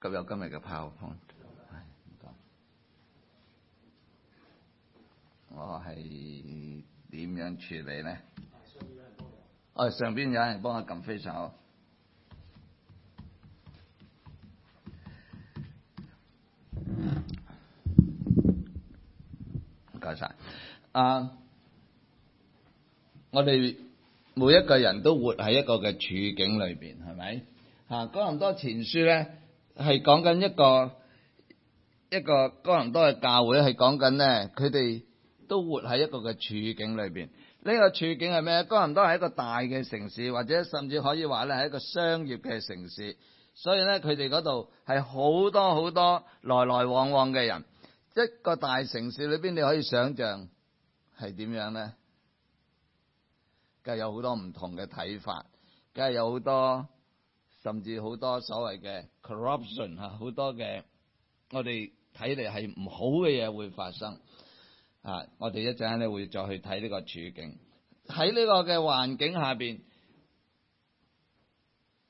咁有今日嘅炮風，我係點樣處理咧？哦、嗯，上邊有人幫我撳飛手。唔該晒。謝謝啊，我哋每一個人都活喺一個嘅處境裏邊，係咪？吓、啊，哥林多前書咧。係講緊一個一個哥林多嘅教會，係講緊咧，佢哋都活喺一個嘅處境裏邊。呢、這個處境係咩？哥林多係一個大嘅城市，或者甚至可以話咧係一個商業嘅城市。所以咧，佢哋嗰度係好多好多來來往往嘅人。一個大城市裏邊，你可以想象係點樣咧？梗係有好多唔同嘅睇法，梗係有好多。甚至好多所謂嘅 corruption 吓，好多嘅我哋睇嚟係唔好嘅嘢會發生。啊，我哋一陣間咧會再去睇呢個處境。喺呢個嘅環境下邊，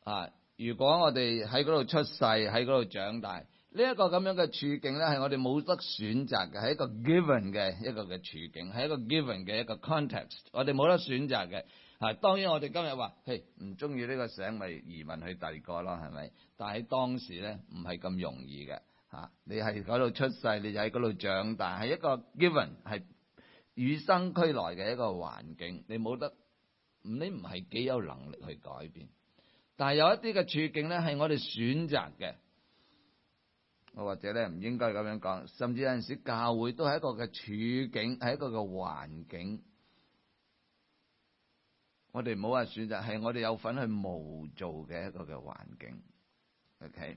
啊，如果我哋喺嗰度出世，喺嗰度長大，呢一個咁樣嘅處境咧，係我哋冇得選擇嘅，係一個 given 嘅一個嘅處境，係一個 given 嘅一個 context，我哋冇得選擇嘅。啊，當然我哋今日話，嘿，唔中意呢個城咪移民去第二個咯，係咪？但喺當時咧，唔係咁容易嘅嚇、啊。你係嗰度出世，你就喺嗰度長大，係一個 given，係與生俱來嘅一個環境，你冇得，你唔係幾有能力去改變。但係有一啲嘅處境咧，係我哋選擇嘅，或者咧唔應該咁樣講，甚至有陣時教會都係一個嘅處境，係一個嘅環境。我哋唔好話選擇，係我哋有份去無做嘅一個嘅環境。OK，《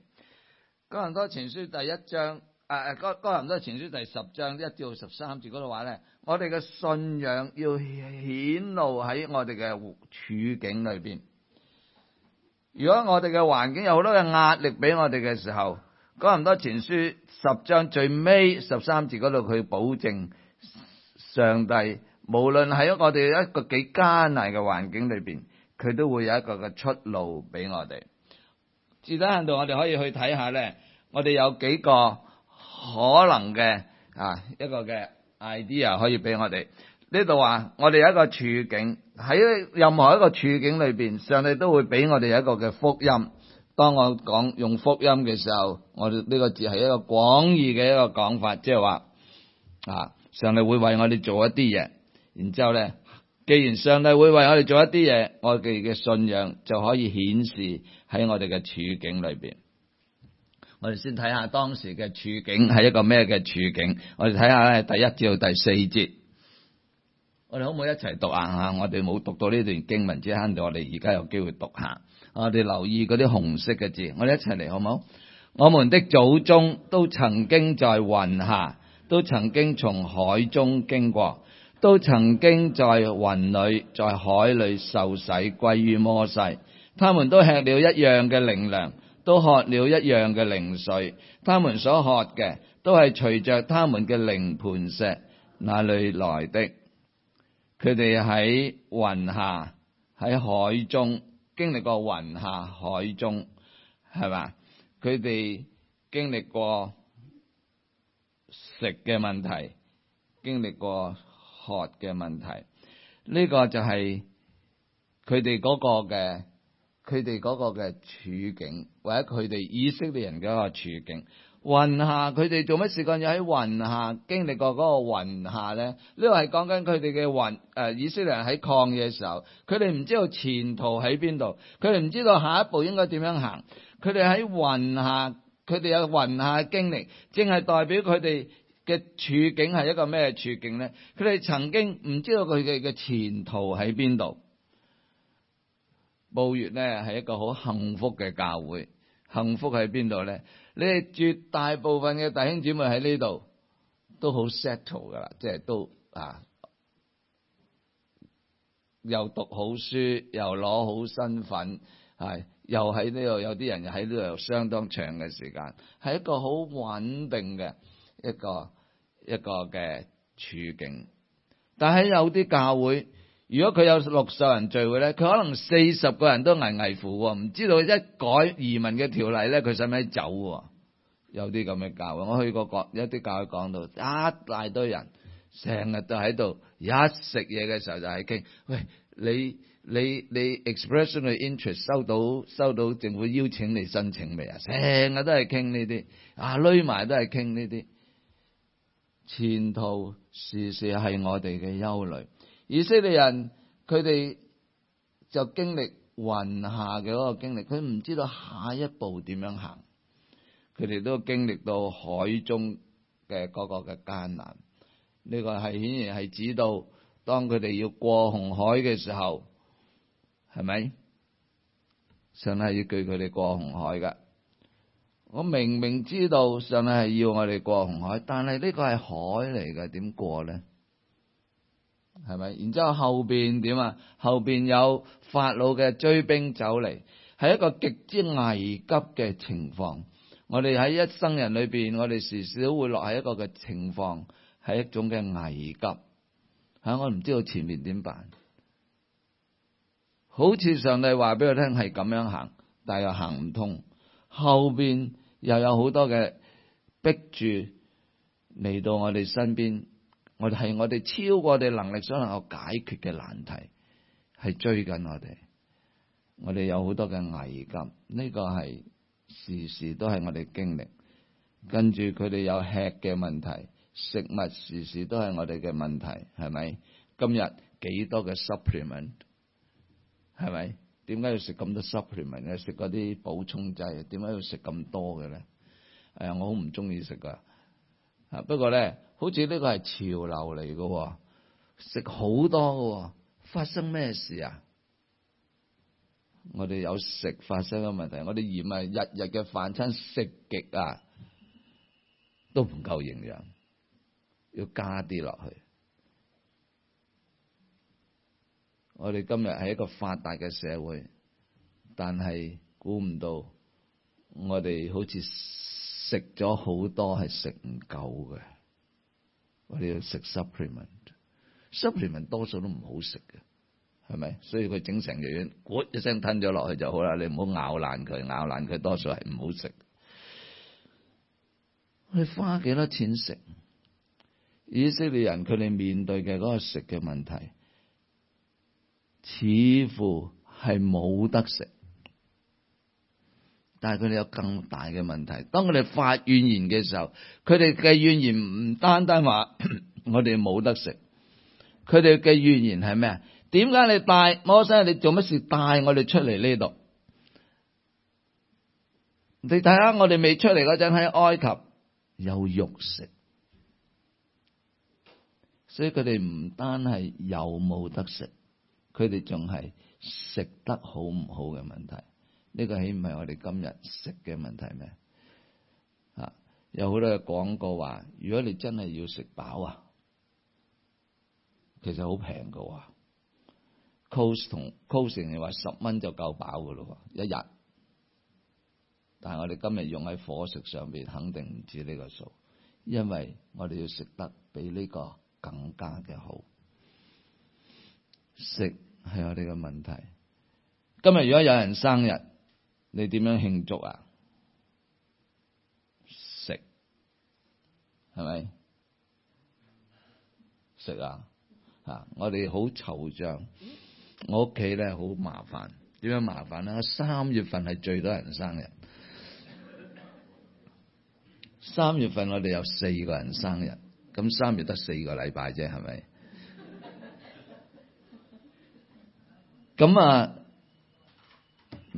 哥林多前書》第一章，啊啊，《哥哥林多前書》第十章一至到十三節嗰度話咧，我哋嘅信仰要顯露喺我哋嘅處境裏邊。如果我哋嘅環境有好多嘅壓力俾我哋嘅時候，《哥林多前書》十章最尾十三節嗰度，佢保證上帝，無論喺我哋一個幾艱難嘅環境裏邊，佢都會有一個嘅出路俾我哋。自體限度，我哋可以去睇下咧。我哋有幾個可能嘅，啊一個嘅 idea 可以俾我哋。呢度話我哋有一個處境，喺任何一個處境裏邊，上帝都會俾我哋有一個嘅福音。當我講用福音嘅時候，我哋呢個字係一個廣義嘅一個講法，即係話啊，上帝會為我哋做一啲嘢。然之後咧，既然上帝會為我哋做一啲嘢，我哋嘅信仰就可以顯示喺我哋嘅處境裏邊。我哋先睇下當時嘅處境係一個咩嘅處境。我哋睇下咧，第一節到第四節，我哋可唔可以一齊讀啊？吓，我哋冇讀到呢段經文之慳，我哋而家有機會讀下。我哋留意啲紅色嘅字，我哋一齊嚟，好唔好？我們的祖宗都曾經在雲下，都曾經從海中經過。都曾經在雲裏、在海裏受洗歸於摩西。他們都吃了一樣嘅靈糧，都喝了一樣嘅靈水。他們所喝嘅都係隨着他們嘅靈磐石那裏來的。佢哋喺雲下喺海中，經歷過雲下海中，係嘛？佢哋經歷過食嘅問題，經歷過。學嘅問題，呢、這個就係佢哋嗰個嘅，佢哋個嘅處境，或者佢哋以色列人嘅一個處境。雲下佢哋做乜事？佢要喺雲下經歷過嗰個雲下咧，呢個係講緊佢哋嘅雲誒、呃，以色列人喺曠野嘅時候，佢哋唔知道前途喺邊度，佢哋唔知道下一步應該點樣行，佢哋喺雲下，佢哋有雲下嘅經歷，正係代表佢哋。嘅處境係一個咩處境咧？佢哋曾經唔知道佢哋嘅前途喺邊度。布粵咧係一個好幸福嘅教會，幸福喺邊度咧？你哋絕大部分嘅弟兄姊妹喺呢度都好 settle 噶啦，即係都啊，又讀好書，又攞好身份，係又喺呢度，有啲人喺呢度有相當長嘅時間，係一個好穩定嘅。一個一個嘅處境，但喺有啲教會，如果佢有六十人聚會咧，佢可能四十個人都危危乎喎，唔知道一改移民嘅條例咧，佢使唔使走喎？有啲咁嘅教會，我去過講，一啲教會講到一大堆人，成日都喺度一食嘢嘅時候就係傾，喂，你你你 expression of interest 收到收到政府邀請你申請未啊？成日都係傾呢啲，啊，匿埋都係傾呢啲。前途事事係我哋嘅憂慮，以色列人佢哋就經歷雲下嘅嗰個經歷，佢唔知道下一步點樣行，佢哋都經歷到海中嘅嗰個嘅艱難，呢、這個係顯然係指到當佢哋要過紅海嘅時候，係咪？神係要據佢哋過紅海噶。我明明知道上帝係要我哋過紅海，但係呢個係海嚟嘅，點過呢？係咪？然之後後邊點啊？後邊有法老嘅追兵走嚟，係一個極之危急嘅情況。我哋喺一生人裏邊，我哋時少會落喺一個嘅情況，係一種嘅危急。吓，我唔知道前面點辦？好似上帝話俾我聽係咁樣行，但又行唔通，後邊。又有好多嘅逼住嚟到我哋身邊，我哋係我哋超過我哋能力所能夠解決嘅難題，係追緊我哋，我哋有好多嘅危機，呢個係時時都係我哋經歷。跟住佢哋有吃嘅問題，食物時時都係我哋嘅問題，係咪？今日幾多嘅 supplement，係咪？點解要食咁多 supplement 嘅？食嗰啲補充劑，點解要食咁多嘅咧？誒、哎，我好唔中意食噶不過咧，好似呢個係潮流嚟嘅，食好多嘅。發生咩事啊？我哋有食發生嘅問題，我哋嫌啊，日日嘅飯餐食極啊，都唔夠營養，要加啲落去。我哋今日係一個發達嘅社會，但係估唔到我哋好似食咗好多係食唔夠嘅，我哋要食 supplement，supplement 多數都唔好食嘅，係咪？所以佢整成藥丸，咕一聲吞咗落去就好啦。你唔好咬爛佢，咬爛佢多數係唔好食。你花幾多錢食？以色列人佢哋面對嘅嗰個食嘅問題。似乎係冇得食，但係佢哋有更大嘅問題。當佢哋發怨言嘅時候，佢哋嘅怨言唔單單話我哋冇得食，佢哋嘅怨言係咩啊？點解你帶摩西，你做乜事帶我哋出嚟呢度？你睇下我哋未出嚟嗰陣喺埃及有肉食，所以佢哋唔單係有冇得食。佢哋仲係食得好唔好嘅問題，呢、這個豈唔係我哋今日食嘅問題咩？啊，有好多廣告話，如果你真係要食飽啊，其實好平嘅喎，Cost 同 Costing 你話十蚊就夠飽嘅咯，一日。但係我哋今日用喺伙食上邊，肯定唔止呢個數，因為我哋要食得比呢個更加嘅好。食係我哋嘅問題。今日如果有人生日，你點樣慶祝啊？食係咪食啊？吓，我哋好惆悵。我屋企咧好麻煩，點樣麻煩咧？三月份係最多人生日。三月份我哋有四個人生日，咁三月得四個禮拜啫，係咪？咁啊，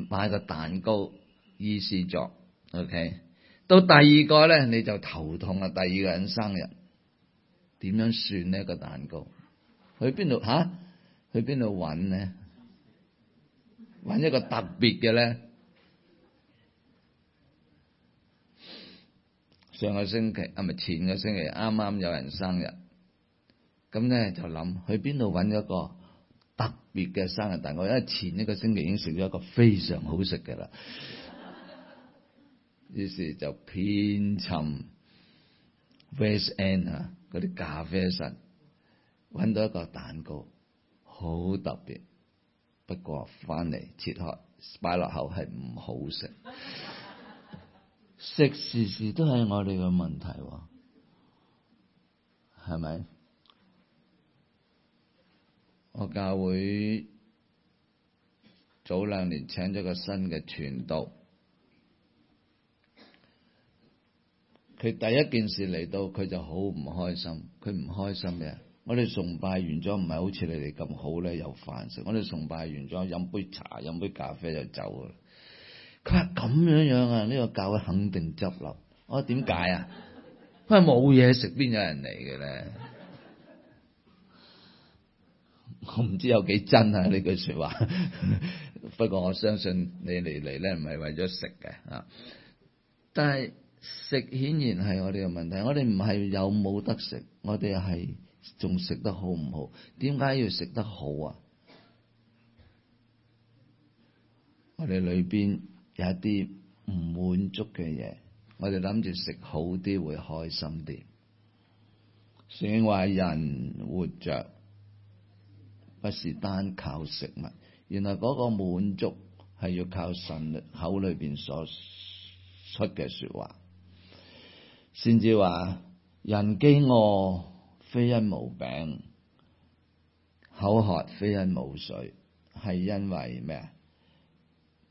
買個蛋糕意思咗，OK。到第二個咧，你就頭痛啦。第二個人生日，點樣算呢？個蛋糕去邊度吓？去邊度揾咧，揾一個特別嘅咧。上個星期啊，唔係前個星期啱啱有人生日，咁咧就諗去邊度揾一個。特別嘅生日蛋糕，因為前一個星期已經食咗一個非常好食嘅啦， 於是就遍尋 West End 啊嗰啲咖啡室，揾到一個蛋糕，好特別。不過翻嚟切開擺落口係唔好食，食 時時都係我哋嘅問題，係咪？我教會早兩年請咗個新嘅傳道，佢第一件事嚟,到，佢就好唔開心。佢唔開心嘅，我哋崇拜完咗唔係好似你哋咁好咧，有飯食。我哋崇拜完咗，飲杯茶，飲杯咖啡就走啦。佢話咁樣樣啊，呢個教會肯定執笠。我話點解啊？佢話冇嘢食，邊有人嚟嘅咧？我唔知有幾真啊呢句說話， 不過我相信你嚟嚟咧，唔係為咗食嘅啊，但係食顯然係我哋嘅問題。我哋唔係有冇得食，我哋係仲食得好唔好？點解要食得好啊？我哋裏邊有一啲唔滿足嘅嘢，我哋諗住食好啲會開心啲，所以話人活着。不是單靠食物，原來嗰個滿足係要靠神口裏邊所出嘅説話，先至話人飢餓非因無餅，口渴非因無水，係因為咩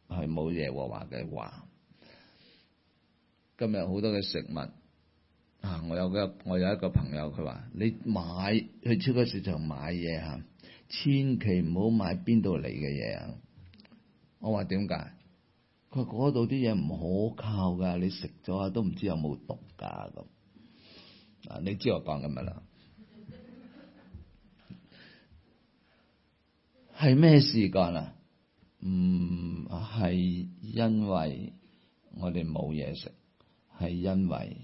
啊？係冇耶和華嘅話。今日好多嘅食物啊！我有個，我有一個朋友，佢話，你買去超級市場買嘢吓。千祈唔好買邊度嚟嘅嘢。啊。我話點解？佢嗰度啲嘢唔可靠噶，你食咗啊都唔知有冇毒噶咁。啊，你知我講緊乜啦。係咩 事幹啊？唔、嗯、係因為我哋冇嘢食，係因為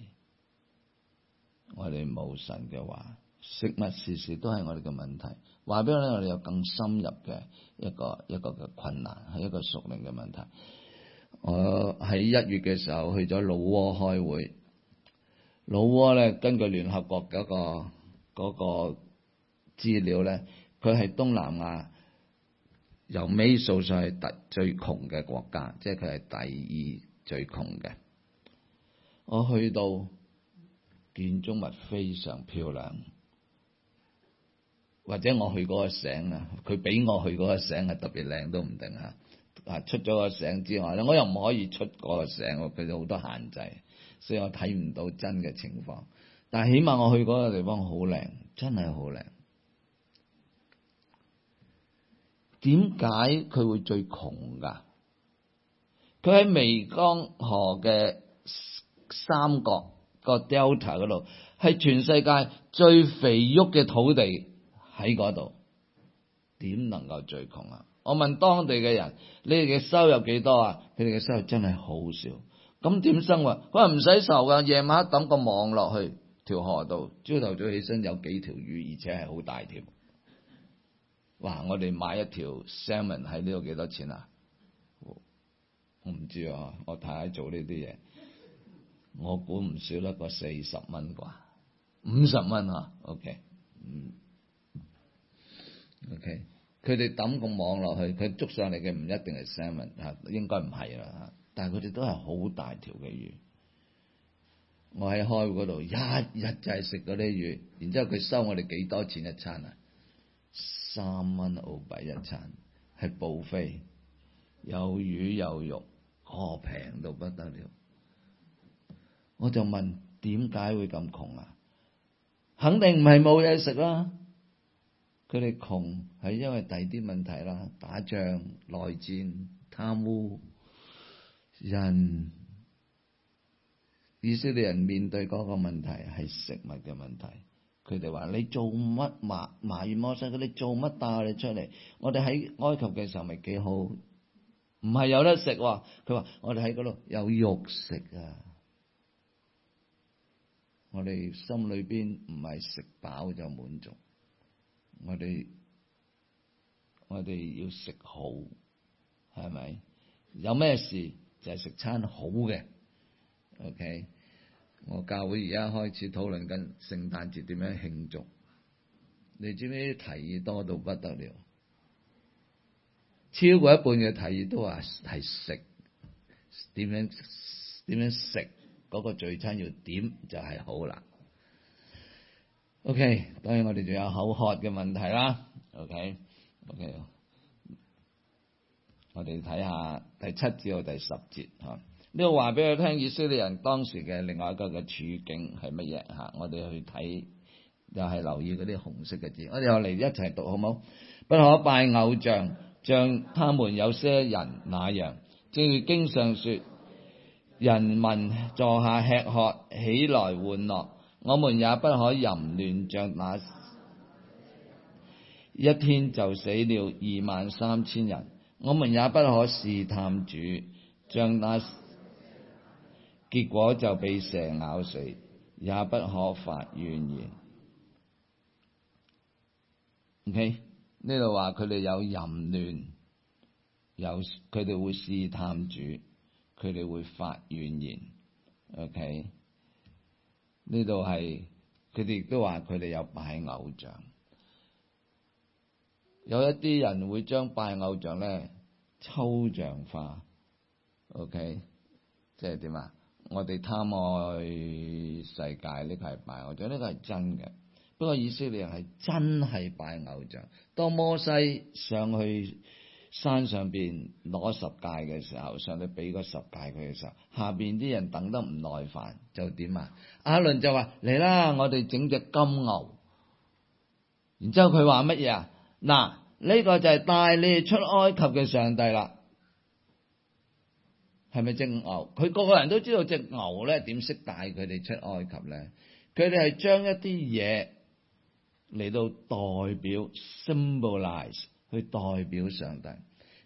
我哋冇神嘅話，食物時時都係我哋嘅問題。話俾我聽，我哋有更深入嘅一個一個嘅困難，係一個屬靈嘅問題。我喺一月嘅時候去咗老撾開會，老撾咧根據聯合國個嗰個個資料咧，佢係東南亞由尾數上係最窮嘅國家，即係佢係第二最窮嘅。我去到建築物非常漂亮。或者我去個省啊，佢俾我去個省係特別靚都唔定啊！啊，出咗個省之外咧，我又唔可以出個省，佢有好多限制，所以我睇唔到真嘅情況，但係起碼我去個地方好靚，真係好靚。點解佢會最窮㗎？佢喺湄公河嘅三角個 delta 度，係全世界最肥沃嘅土地。喺嗰度點能夠最窮啊？我問當地嘅人，你哋嘅收入幾多啊？佢哋嘅收入真係好少，咁點生活？佢話唔使愁啊，夜、啊、晚黑抌個網落去條河度，朝頭早起身有幾條魚，而且係好大條。哇！我哋買一條 salmon 喺呢度幾多錢啊？哦、我唔知啊，我太太做呢啲嘢，我估唔少得個四十蚊啩，五十蚊啊？OK，嗯。O.K. 佢哋抌個網落去，佢捉上嚟嘅唔一定係 seven 嚇，應該唔係啦嚇？但係佢哋都係好大條嘅魚。我喺開會嗰度一日就係食嗰啲魚。然之後佢收我哋幾多錢一餐啊？三蚊澳幣一餐係報飛，有魚有肉，哦，平到不得了。我就問點解會咁窮啊？肯定唔係冇嘢食啦。佢哋窮係因為第啲問題啦，打仗、內戰、貪污，人以色列人面對嗰個問題係食物嘅問題。佢哋話：你做乜埋埋怨摩西？佢哋做乜帶我哋出嚟？我哋喺埃及嘅時候咪幾好？唔係有得食喎。佢話：我哋喺嗰度有肉食啊！我哋心裏邊唔係食飽就滿足。我哋我哋要食好，係咪？有咩事就係食餐好嘅。OK，我教會而家開始討論緊聖誕節點樣慶祝。你知唔知提議多到不得了？超過一半嘅提議都話係食，點樣點樣食嗰個聚餐要點就係好啦。OK，當然我哋仲有口渴嘅問題啦。O K，O K，我哋睇下第七至到第十節嚇，呢度話俾佢聽以色列人當時嘅另外一個嘅處境係乜嘢嚇？我哋去睇又係留意嗰啲紅色嘅字。我哋又嚟一齊讀好冇？不可拜偶像，像他們有些人那樣，正如經上說人民坐下吃喝，起來玩樂。我們也不可淫亂，像那一天就死了二萬三千人，我們也不可試探主，像那結果就被蛇咬死，也不可發怨言。O K，呢度話佢哋有淫亂，有佢哋會試探主，佢哋會發怨言。O K。呢度係佢哋亦都話佢哋有拜偶像，有一啲人會將拜偶像咧抽象化，OK，即係點啊？我哋貪愛世界呢個係拜偶像，呢個係真嘅。不過以色列人係真係拜偶像，當摩西上去。山上邊攞十戒嘅時候，上帝俾個十戒佢嘅時候，下邊啲人等得唔耐煩就點啊？阿倫就話嚟啦，我哋整隻金牛，然之後佢話乜嘢啊？嗱，呢、這個就係帶你哋出埃及嘅上帝啦，係咪隻牛？佢個個人都知道隻牛咧點識帶佢哋出埃及咧？佢哋係將一啲嘢嚟到代表 symbolize。Symbol 去代表上帝。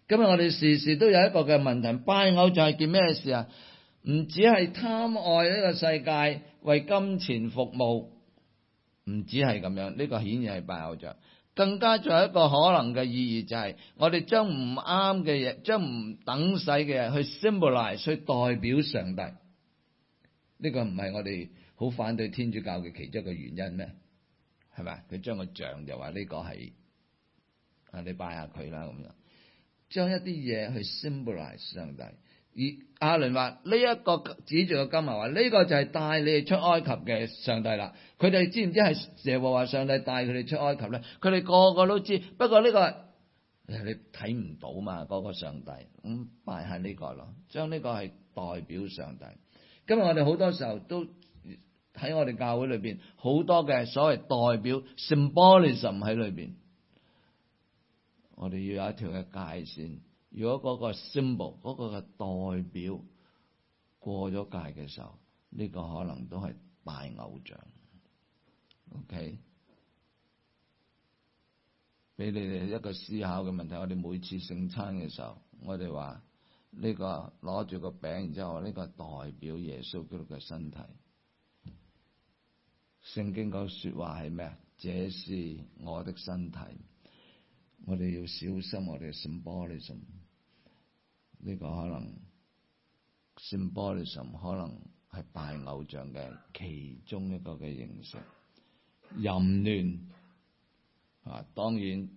今日我哋時時都有一個嘅問題，拜偶像就係件咩事啊？唔止係貪愛呢個世界，為金錢服務，唔止係咁樣。呢、這個顯然係拜偶像。更加仲有一個可能嘅意義，就是，就係我哋將唔啱嘅嘢，將唔等使嘅嘢去 symbolize，去代表上帝。呢、這個唔係我哋好反對天主教嘅其中一個原因咩？係咪？佢將個像就話呢、這個係。啊、你拜下佢啦，咁樣將一啲嘢去 symbolize 上帝。而阿倫話呢一個指住個金牛話呢個就係帶你哋出埃及嘅上帝啦。佢哋知唔知係耶和華上帝帶佢哋出埃及咧？佢哋個，個個都知，不過呢、這個你睇唔到嘛。個個上帝咁、嗯、拜下呢、這個咯，將呢個係代表上帝。今日我哋好多時候都喺我哋教會裏邊，好多嘅所謂代表 symbolism 喺裏邊。我哋要有一條嘅界線，如果嗰個 symbol，嗰個嘅代表過咗界嘅時候，呢個可能都係拜偶像。OK，俾你哋一個思考嘅問題。我哋每次聖餐嘅時候，我哋話呢個攞住個餅，然之後呢個代表耶穌基督嘅身體。聖經個說話係咩啊？這是我的身體。我哋要小心，我哋嘅 symbolism 呢個可能 symbolism 可能係拜偶像嘅其中一個嘅形式。淫亂啊，當然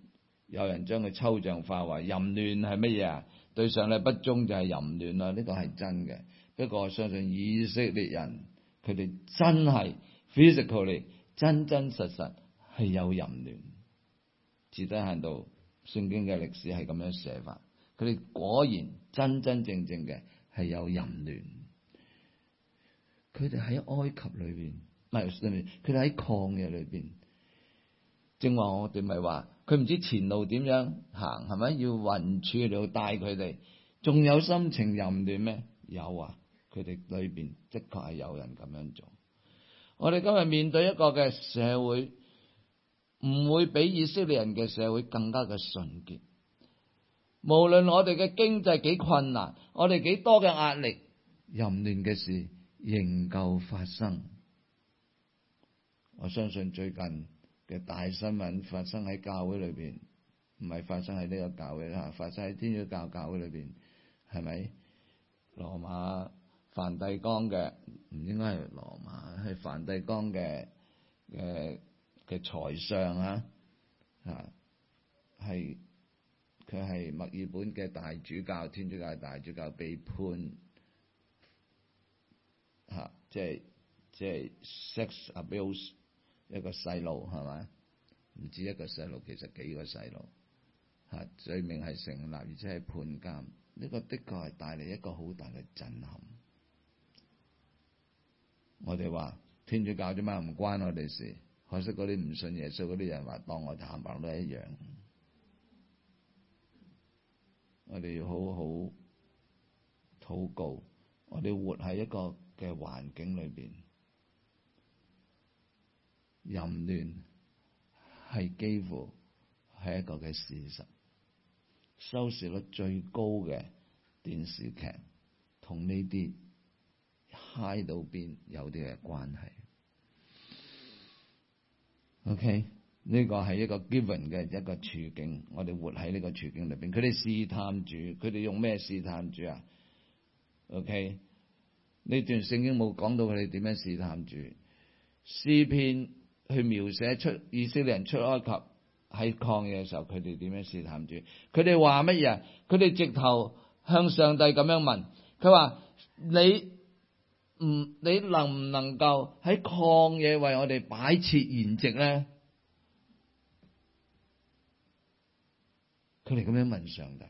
有人將佢抽象化為淫亂係乜嘢啊？對上帝不忠就係淫亂啊，呢、這個係真嘅。不過我相信以色列人，佢哋真係 physically 真真實實係有淫亂，至低限度。聖經嘅歷史係咁樣寫法，佢哋果然真真正正嘅係有淫亂，佢哋喺埃及裏邊，唔係，佢哋喺曠野裏邊，正話我哋咪話，佢唔知前路點樣行，係咪要雲柱嚟到帶佢哋？仲有心情淫亂咩？有啊，佢哋裏邊的確係有人咁樣做。我哋今日面對一個嘅社會。唔會比以色列人嘅社會更加嘅純潔。無論我哋嘅經濟幾困難，我哋幾多嘅壓力，淫亂嘅事仍舊發生。我相信最近嘅大新聞發生喺教會裏邊，唔係發生喺呢個教會喇，發生喺天主教教會裏邊，係咪？羅馬梵蒂岡嘅唔應該係羅馬，係梵蒂岡嘅誒。呃嘅財相啊，啊，係佢係墨爾本嘅大主教，天主教大主教被判吓、啊，即係即係 sex abuse 一個細路係咪？唔止一個細路，其實幾個細路啊，罪名係成立，而且係判監。呢個的確係帶嚟一個好大嘅震撼。我哋話天主教啫嘛，唔關我哋事？可惜嗰啲唔信耶穌嗰啲人話，當我坦白都係一樣，我哋要好好禱告。我哋活喺一個嘅環境裏邊，淫亂係幾乎係一個嘅事實，收視率最高嘅電視劇同呢啲嗨到邊有啲咩關係。OK，呢個係一個 given 嘅一個處境，我哋活喺呢個處境裏邊。佢哋試探主，佢哋用咩試探主啊？OK，呢段聖經冇講到佢哋點樣試探主。詩篇去描寫出以色列人出埃及喺曠野嘅時候，佢哋點樣試探主？佢哋話乜嘢？佢哋直頭向上帝咁樣問。佢話你。嗯，你能唔能夠喺曠野為我哋擺設筵席咧？佢哋咁樣問上帝。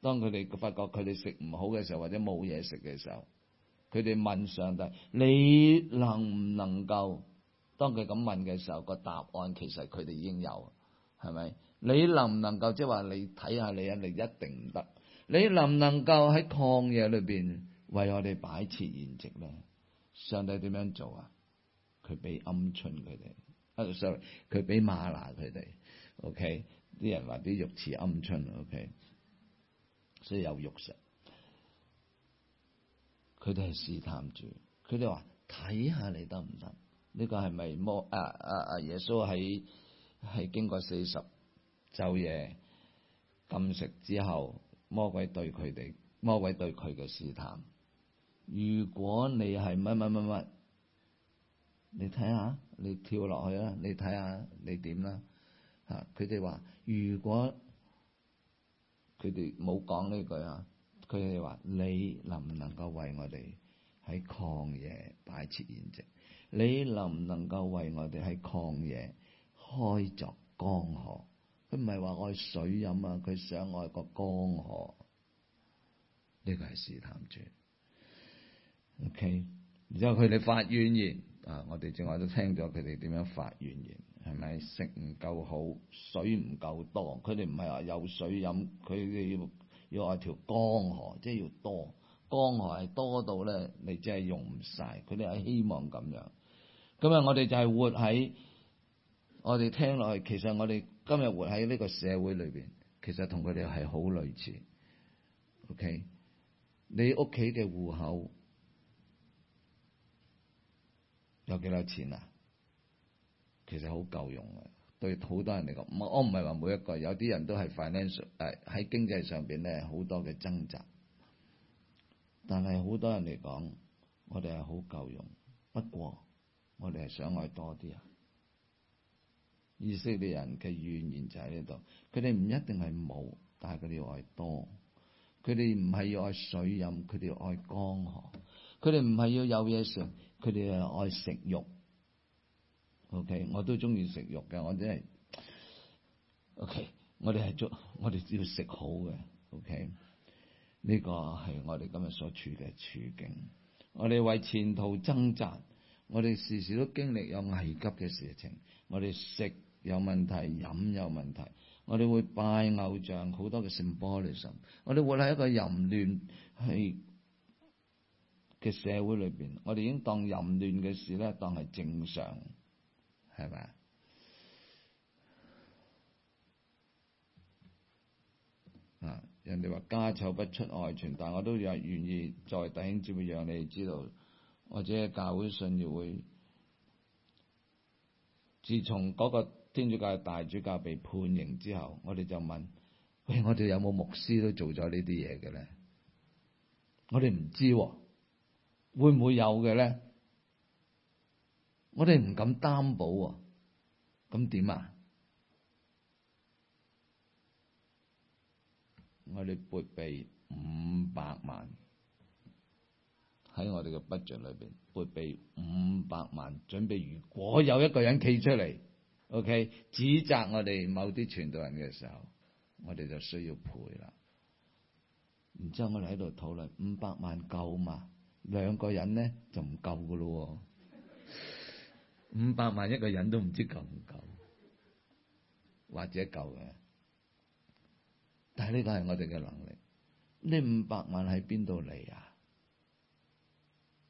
當佢哋發覺佢哋食唔好嘅時候，或者冇嘢食嘅時候，佢哋問上帝：你能唔能夠？當佢咁問嘅時候，個答案其實佢哋已經有，係咪？你能唔能夠即係話你睇下你啊？你一定唔得。你能唔能夠喺曠野裏邊？為我哋擺設筵席咧，上帝點樣做啊？佢俾鵪鶉佢哋，啊 sorry，佢俾馬拿佢哋。OK，啲人話啲肉似鵪鶉，OK，所以有肉食。佢哋係試探住，佢哋話睇下你得唔得？呢個係咪魔？啊啊啊！耶穌喺係經過四十晝夜禁食之後，魔鬼對佢哋，魔鬼對佢嘅試探。如果你係乜乜乜乜，你睇下，你跳落去啦，你睇下你點啦吓，佢哋話，如果佢哋冇講呢句啊，佢哋話你能唔能夠為我哋喺曠野擺設筵席？你能唔能夠為我哋喺曠野開鑿江河？佢唔係話愛水飲啊，佢想愛個江河。呢個係試探住。O.K.，然之後佢哋發怨言，啊！我哋正話都聽咗佢哋點樣發怨言，係咪食唔夠好，水唔夠多？佢哋唔係話有水飲，佢要要話條江河，即係要多江河係多到咧，你真係用唔晒。佢哋係希望咁樣。咁啊，我哋就係活喺，我哋聽落去，其實我哋今日活喺呢個社會裏邊，其實同佢哋係好類似。O.K.，你屋企嘅戶口？有幾多錢啊？其實好夠用嘅，對好多人嚟講，我唔係話每一個，有啲人都係 financial，喺、哎、經濟上邊咧好多嘅掙扎，但係好多人嚟講，我哋係好夠用，不過我哋係想愛多啲啊！以色列人嘅怨言就喺呢度，佢哋唔一定係冇，但係佢哋要愛多，佢哋唔係要愛水飲，佢哋要愛江河，佢哋唔係要有嘢食。佢哋啊愛食肉，OK，我都中意食肉嘅，我真係，OK，我哋係做，我哋要食好嘅，OK，呢個係我哋今日所處嘅處境，我哋為前途掙扎，我哋時時都經歷有危急嘅事情，我哋食有問題，飲有問題，我哋會拜偶像，好多嘅 symbolism，我哋活喺一個淫亂係。嘅社會裏邊，我哋已經當淫亂嘅事咧，當係正常，係咪啊？人哋話家醜不出外傳，但我都也願意在弟兄姊妹讓你知道，或者教會信義會，自從嗰個天主教大主教被判刑之後，我哋就問：喂，我哋有冇牧師都做咗呢啲嘢嘅咧？我哋唔知喎、啊。會唔會有嘅咧？我哋唔敢擔保喎，啊，咁點啊？我哋撥備五百萬喺我哋嘅筆帳裏邊撥備五百萬，準備如果有一個人企出嚟，OK，指責我哋某啲傳道人嘅時候，我哋就需要賠啦。然之後我哋喺度討論五百萬夠嘛？兩個人呢，就唔夠噶咯喎，五百萬一個人都唔知夠唔夠，或者夠嘅。但係呢個係我哋嘅能力，呢五百萬喺邊度嚟啊？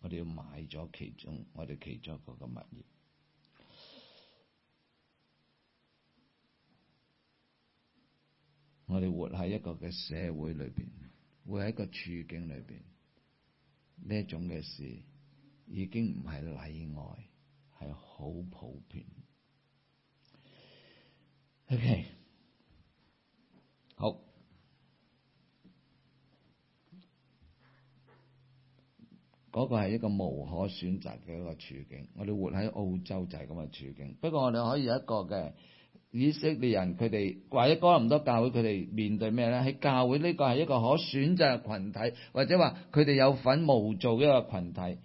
我哋要買咗其中，我哋其中一個嘅物業，我哋活喺一個嘅社會裏邊，活喺一個處境裏邊。呢種嘅事已經唔係例外，係好普遍。OK，好，嗰個係一個無可選擇嘅一個處境。我哋活喺澳洲就係咁嘅處境。不過我哋可以有一個嘅。以色列人佢哋或者哥林多教會，佢哋面對咩咧？喺教會呢個係一個可選擇嘅群體，或者話佢哋有份無做嘅一個群體。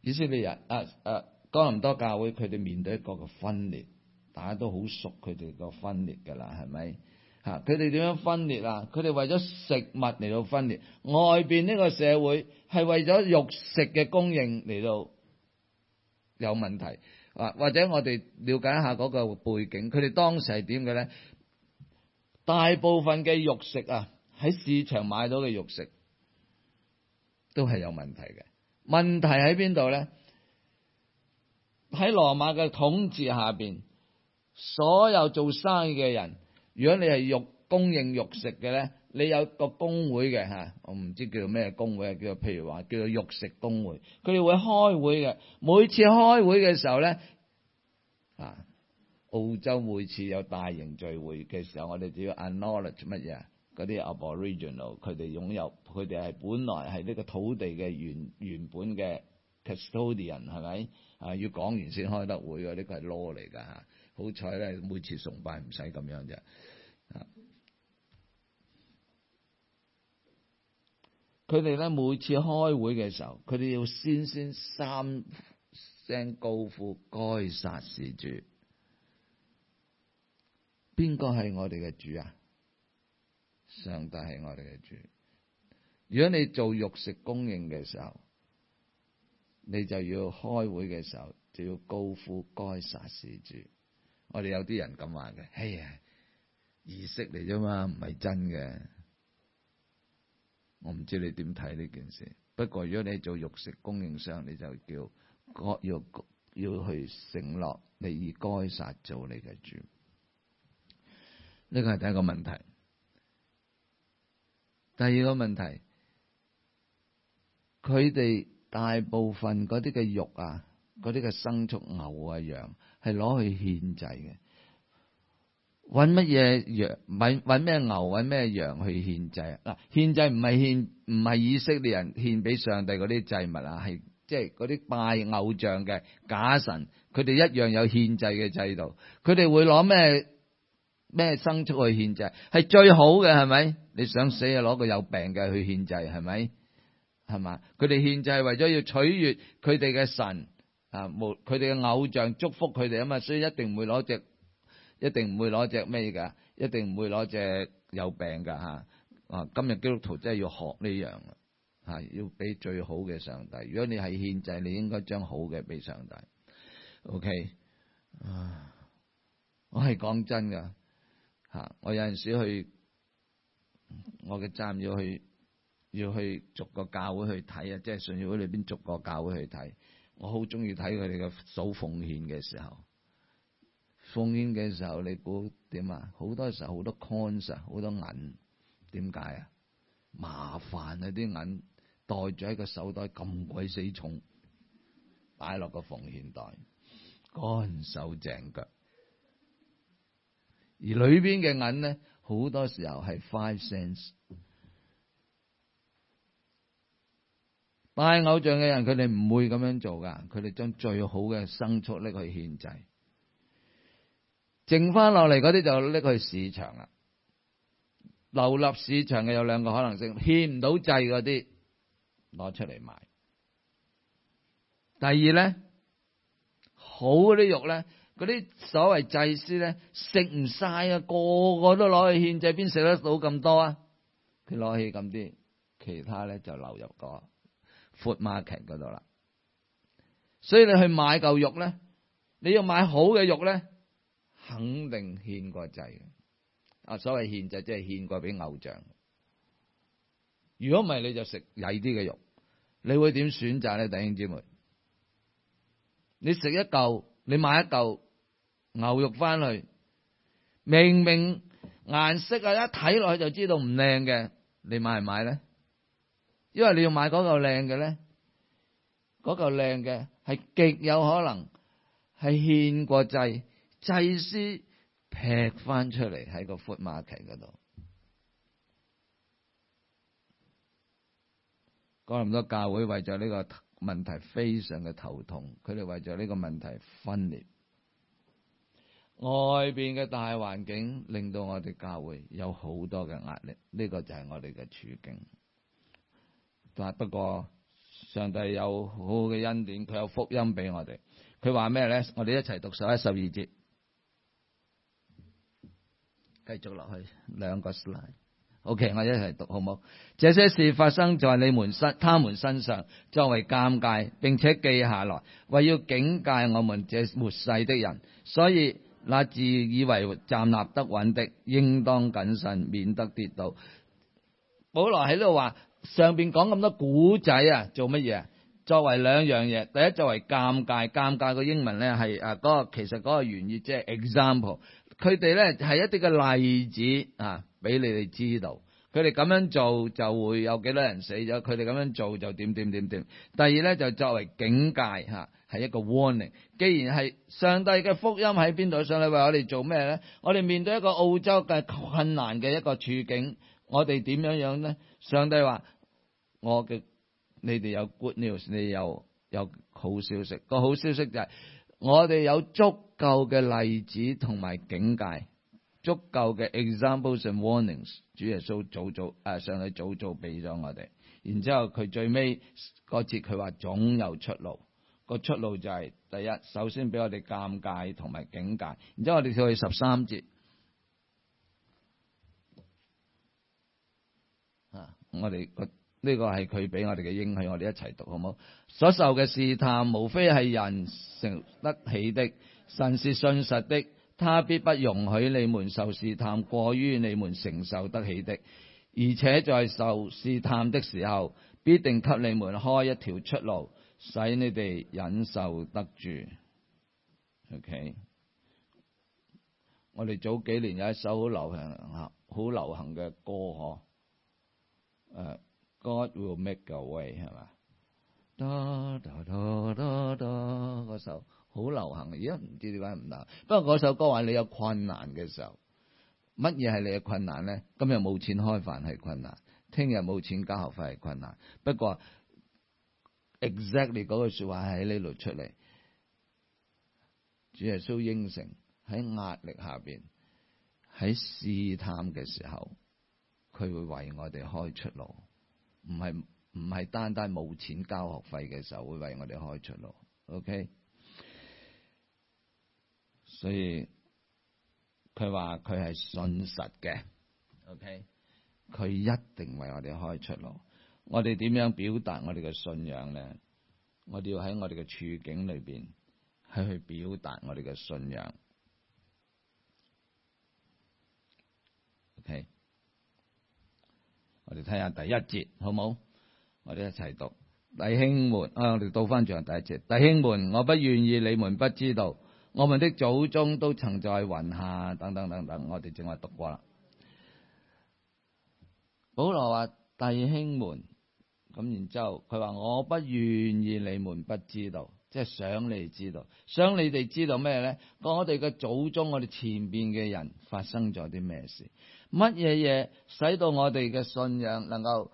以色列人啊、啊哥林多教會，佢哋面對一個嘅分裂，大家都好熟佢哋個分裂噶啦，係咪？吓、啊，佢哋點樣分裂啊？佢哋為咗食物嚟到分裂，外邊呢個社會係為咗肉食嘅供應嚟到有問題。啊，或者我哋了解一下嗰個背景，佢哋當時係點嘅咧？大部分嘅肉食啊，喺市場買到嘅肉食都係有問題嘅。問題喺邊度咧？喺羅馬嘅統治下邊，所有做生意嘅人，如果你係肉供應肉食嘅咧。你有個工會嘅嚇、啊，我唔知叫咩工會啊，叫做譬如話叫做肉食工會，佢哋會開會嘅。每次開會嘅時候咧，啊，澳洲每次有大型聚會嘅時候，我哋只要 acknowledge 乜嘢，嗰啲 Aboriginal，佢哋擁有，佢哋係本來係呢個土地嘅原原本嘅 custodian，係咪啊？要講完先開得會嘅，呢個係 law 嚟㗎嚇。啊、好彩咧，每次崇拜唔使咁樣啫。佢哋咧，每次開會嘅時候，佢哋要先先三聲高呼：該撒是主。邊個係我哋嘅主啊？上帝係我哋嘅主。如果你做肉食供應嘅時候，你就要開會嘅時候就要高呼：該撒是主。我哋有啲人咁話嘅，哎呀，儀式嚟啫嘛，唔係真嘅。我唔知你點睇呢件事，不過如果你做肉食供應商，你就叫各肉要，要去承諾，你以該撒做你嘅主。呢個係第一個問題。第二個問題，佢哋大部分嗰啲嘅肉啊，嗰啲嘅牲畜牛啊、羊，係攞去獻祭嘅。搵乜嘢羊？搵搵咩牛？搵咩羊去獻祭？嗱，獻祭唔係獻唔係以色列人獻俾上帝嗰啲祭物啊，係即係嗰啲拜偶像嘅假神，佢哋一樣有獻祭嘅制度，佢哋會攞咩咩牲畜去獻祭？係最好嘅係咪？你想死啊？攞個有病嘅去獻祭係咪？係嘛？佢哋獻祭係為咗要取悅佢哋嘅神啊，無佢哋嘅偶像祝福佢哋啊嘛，所以一定會攞隻。一定唔會攞隻咩噶，一定唔會攞隻有病噶吓。啊，今日基督徒真係要學呢樣啊，要俾最好嘅上帝。如果你係獻祭，你應該將好嘅俾上帝。OK，啊，我係講真噶吓。啊，我有陣時去我嘅站要去要去逐個教會去睇啊，即係信義會裏邊逐個教會去睇。我好中意睇佢哋嘅數奉獻嘅時候。奉獻嘅時候，你估點啊？好多時候好多 coins，好多銀，點解啊？麻煩啊！啲銀袋住喺個手袋咁鬼死重，擺落個奉獻袋，乾手淨腳。而裏邊嘅銀呢，好多時候係 five cents。拜偶像嘅人，佢哋唔會咁樣做㗎，佢哋將最好嘅牲畜拎去獻祭。剩翻落嚟嗰啲就拎去市場啦。流入市場嘅有兩個可能性，獻唔到祭嗰啲攞出嚟賣。第二咧，好嗰啲肉咧，嗰啲所謂祭司咧食唔晒啊，個個都攞去獻祭，邊食得到咁多啊？佢攞起咁啲，其他咧就流入個闊馬埕嗰度啦。所以你去買嚿肉咧，你要買好嘅肉咧。肯定獻過祭嘅啊！所謂獻祭，即係獻過俾偶像。如果唔係，你就食曳啲嘅肉，你會點選擇咧？弟兄姊妹，你食一嚿，你買一嚿牛肉翻去，明明顏色啊，一睇落去就知道唔靚嘅，你買唔買咧？因為你要買嗰嚿靚嘅咧，嗰嚿靚嘅係極有可能係獻過祭。祭司劈翻出嚟喺個 food market 嗰度，哥林多教會為咗呢個問題非常嘅頭痛，佢哋為咗呢個問題分裂。外邊嘅大環境令到我哋教會有好多嘅壓力，呢、這個就係我哋嘅處境。但不過上帝有好好嘅恩典，佢有福音俾我哋。佢話咩咧？我哋一齊讀十一十二節。繼續落去兩個 slide，OK，、okay，我一齊讀好冇？這些事發生在你們身、他們身上，作為鑒戒，並且記下來，為要警戒我們這末世的人。所以那自以為站立得穩的，應當謹慎，免得跌倒。保羅喺度話，上邊講咁多古仔啊，做乜嘢？作為兩樣嘢，第一作為鑒戒，鑒戒嘅英文呢係誒嗰個，其實嗰個原意即係 example。佢哋咧係一啲嘅例子啊，俾你哋知道，佢哋咁樣做就會有幾多人死咗，佢哋咁樣做就點點點點。第二咧就作為警戒吓，係，啊，一個 warning。既然係上帝嘅福音喺邊度，上帝話我哋做咩咧？我哋面對一個澳洲嘅困難嘅一個處境，我哋點樣樣咧？上帝話我嘅，你哋有 good news，你有有好消息。個好消息就係、是。.我哋有足夠嘅例子同埋警戒，足夠嘅 examples and warnings，主耶穌早早誒、呃，上帝早早俾咗我哋。然之後佢最尾嗰節佢話，總有出路，個出路就係第一，首先俾我哋尷尬同埋警戒。然之後我哋跳去十三節啊，我哋個。呢個係佢俾我哋嘅應許，我哋一齊讀好唔好？所受嘅試探，無非係人承得起的；神是信實的，他必不容許你們受試探過於你們承受得起的。而且在受試探的時候，必定給你們開一條出路，使你哋忍受得住。O.K.，我哋早幾年有一首好流行、好流行嘅歌，嗬、啊，God will make a way，係咪？噠噠噠噠噠，嗰首好流行，而家唔知點解唔得。不過嗰首歌話：你有困難嘅時候，乜嘢係你嘅困難呢？今日冇錢開飯係困難，聽日冇錢交學費係困難。不過 exactly 嗰句說話喺呢度出嚟，主耶穌應承喺壓力下邊，喺試探嘅時候，佢會為我哋開出路。唔係，唔係單單冇錢交學費嘅時候會為我哋開出路，OK？所以佢話佢係信實嘅，OK？佢一定為我哋開出路，我哋點樣表達我哋嘅信仰咧？我哋要喺我哋嘅處境裏邊，係去表達我哋嘅信仰，OK？我哋睇下第一節好冇？我哋一齊讀弟兄們啊！我哋讀翻上第一節，弟兄們，我不願意你們不知道我們的祖宗都曾在雲下等等等等。我哋正話讀過啦。保羅話弟兄們，咁然之後佢話我不願意你們不知道，即係想你知道，想你哋知道咩呢？我哋嘅祖宗，我哋前邊嘅人發生咗啲咩事？乜嘢嘢使到我哋嘅信仰能夠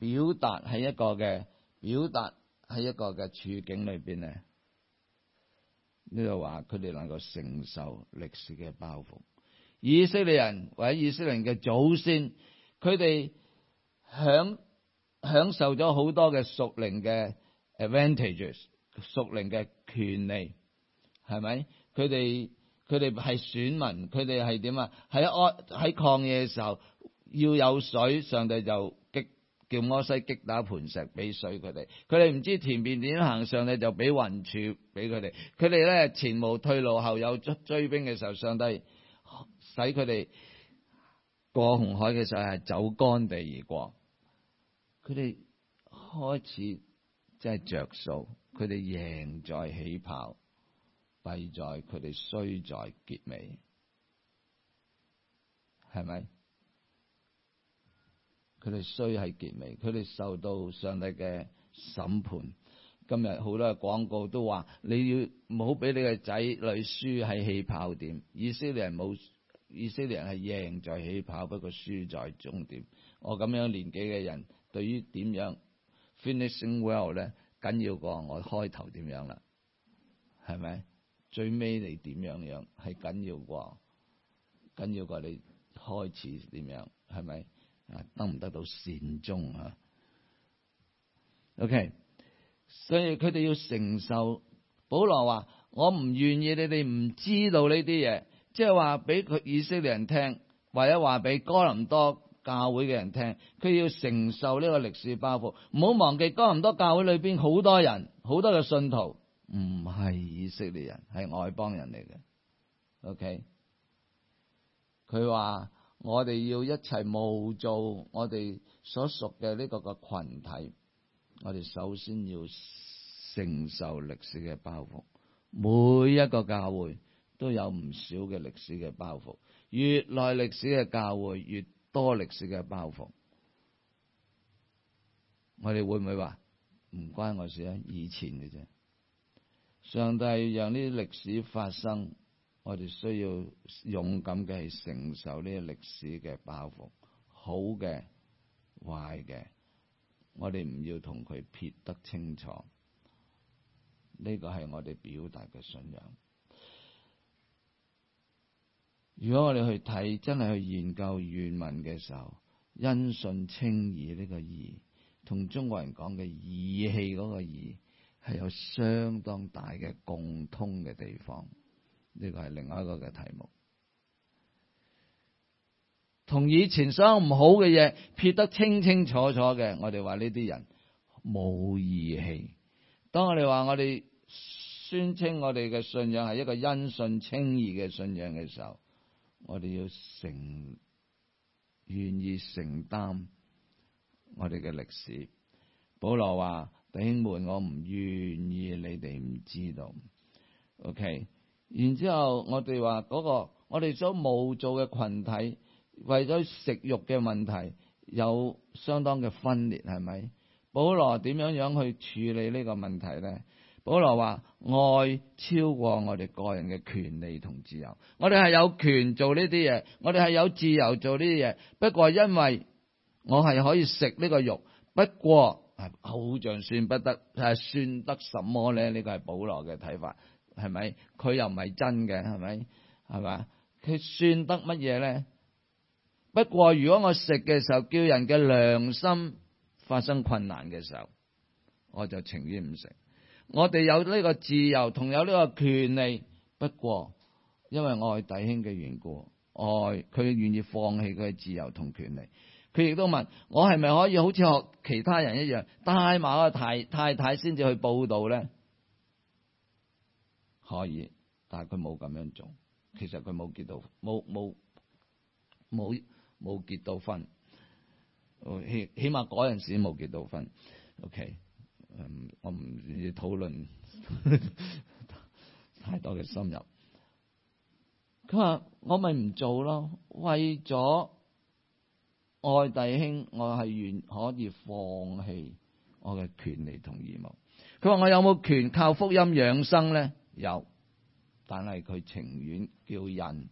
表達喺一個嘅表達喺一個嘅處境裏邊咧？呢句話佢哋能夠承受歷史嘅包袱。以色列人或者以色列人嘅祖先，佢哋享享受咗好多嘅屬靈嘅 advantages，屬靈嘅權利，係咪？佢哋。佢哋係選民，佢哋係點啊？喺安喺曠野嘅時候要有水，上帝就擊叫摩西擊打磐石俾水佢哋。佢哋唔知前邊點行，上帝就俾雲柱俾佢哋。佢哋咧前無退路後，後有追兵嘅時候，上帝使佢哋過紅海嘅時候係走乾地而過。佢哋開始真係着數，佢哋贏在起跑。弊在佢哋衰在結尾，係咪？佢哋衰喺結尾，佢哋受到上帝嘅審判。今日好多廣告都話，你要唔好俾你嘅仔女輸喺起跑點。以色列人冇，以色列人係贏在起跑，不過輸在終點。我咁樣年紀嘅人，對於點樣 finishing well 呢，緊要過我開頭點樣啦，係咪？最尾你點樣樣係緊要啩？緊要過你開始點樣係咪？啊，得唔得到善終啊？OK，所以佢哋要承受。保羅話：我唔願意你哋唔知道呢啲嘢，即係話俾佢以色列人聽，或者話俾哥林多教會嘅人聽，佢要承受呢個歷史包袱。唔好忘記哥林多教會裏邊好多人，好多嘅信徒。唔係以色列人，係外邦人嚟嘅。OK，佢話我哋要一齊務做我哋所屬嘅呢個嘅群體。我哋首先要承受歷史嘅包袱。每一個教會都有唔少嘅歷史嘅包袱。越耐歷史嘅教會，越多歷史嘅包袱。我哋會唔會話唔關我事啊？以前嘅啫。上帝讓呢啲歷史發生，我哋需要勇敢嘅去承受呢啲歷史嘅包袱，好嘅、壞嘅，我哋唔要同佢撇得清楚。呢個係我哋表達嘅信仰。如果我哋去睇，真係去研究原文嘅時候，因信稱義呢個義，同中國人講嘅義氣嗰個義。係有相當大嘅共通嘅地方，呢個係另外一個嘅題目。同以前所有唔好嘅嘢撇得清清楚楚嘅，我哋話呢啲人冇義氣。當我哋話我哋宣稱我哋嘅信仰係一個因信稱義嘅信仰嘅時候，我哋要承願意承擔我哋嘅歷史。保羅話。弟兄們，我唔願意你哋唔知道。OK，然之後我哋話嗰個我哋所冇做嘅群體，為咗食肉嘅問題有相當嘅分裂，係咪？保羅點樣樣去處理呢個問題呢？保羅話愛超過我哋個人嘅權利同自由。我哋係有權做呢啲嘢，我哋係有自由做呢啲嘢。不過因為我係可以食呢個肉，不過。偶像算不得，誒、啊，算得什麼呢？呢個係保羅嘅睇法，係咪？佢又唔係真嘅，係咪？係嘛？佢算得乜嘢呢？不過如果我食嘅時候叫人嘅良心發生困難嘅時候，我就情願唔食。我哋有呢個自由同有呢個權利，不過因為愛弟兄嘅緣故，愛佢願意放棄佢嘅自由同權利。佢亦都問我係咪可以好似學其他人一樣帶埋個太太太先至去報道咧？可以，但係佢冇咁樣做。其實佢冇結到，冇冇冇冇結到婚。起起碼嗰陣時冇結到婚。O.K.，我唔要討論 太多嘅深入。佢話： 我咪唔做咯，為咗。愛弟兄，我係願可以放棄我嘅權利同義務。佢話我有冇權靠福音養生呢？有，但係佢情願叫人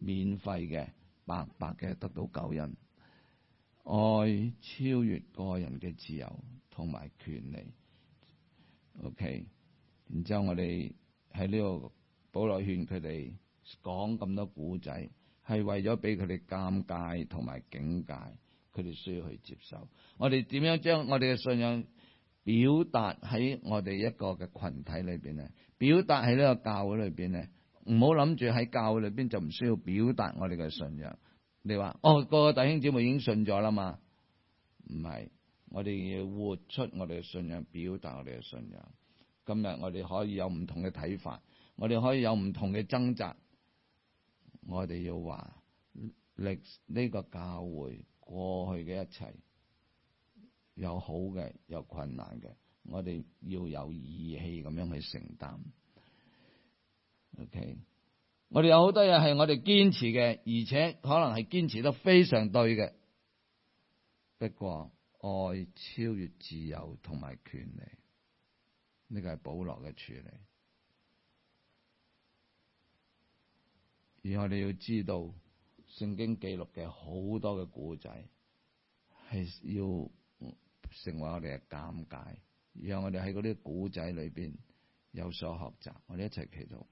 免費嘅、白白嘅得到救恩。愛超越個人嘅自由同埋權利。O.K.，然之後我哋喺呢度保羅勸佢哋講咁多古仔。係為咗俾佢哋尷尬同埋警戒，佢哋需要去接受。我哋點樣將我哋嘅信仰表達喺我哋一個嘅群體裏邊咧？表達喺呢個教會裏邊咧？唔好諗住喺教會裏邊就唔需要表達我哋嘅信仰。你話哦，個弟兄姐妹已經信咗啦嘛？唔係，我哋要活出我哋嘅信仰，表達我哋嘅信仰。今日我哋可以有唔同嘅睇法，我哋可以有唔同嘅掙扎。我哋要話歷呢個教會過去嘅一切，有好嘅，有困難嘅，我哋要有義氣咁樣去承擔。OK，我哋有好多嘢係我哋堅持嘅，而且可能係堅持得非常對嘅。不過愛超越自由同埋權利，呢個係保羅嘅處理。而我哋要知道，聖經記錄嘅好多嘅古仔，係要成為我哋嘅鑑戒，讓我哋喺啲古仔裏邊有所學習。我哋一齊祈禱，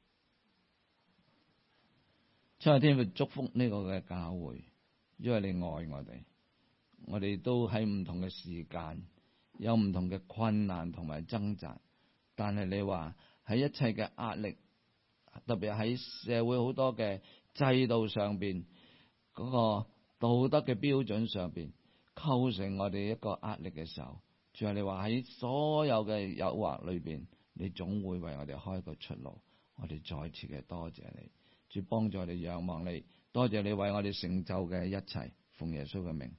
親愛嘅天父會祝福呢個嘅教會，因為你愛我哋。我哋都喺唔同嘅時間，有唔同嘅困難同埋掙扎，但係你話喺一切嘅壓力。特別喺社會好多嘅制度上邊，嗰個道德嘅標準上邊，構成我哋一個壓力嘅時候，主啊，你話喺所有嘅誘惑裏邊，你總會為我哋開個出路。我哋再次嘅多謝你，主幫助我哋仰望你，多謝你為我哋成就嘅一切，奉耶穌嘅名。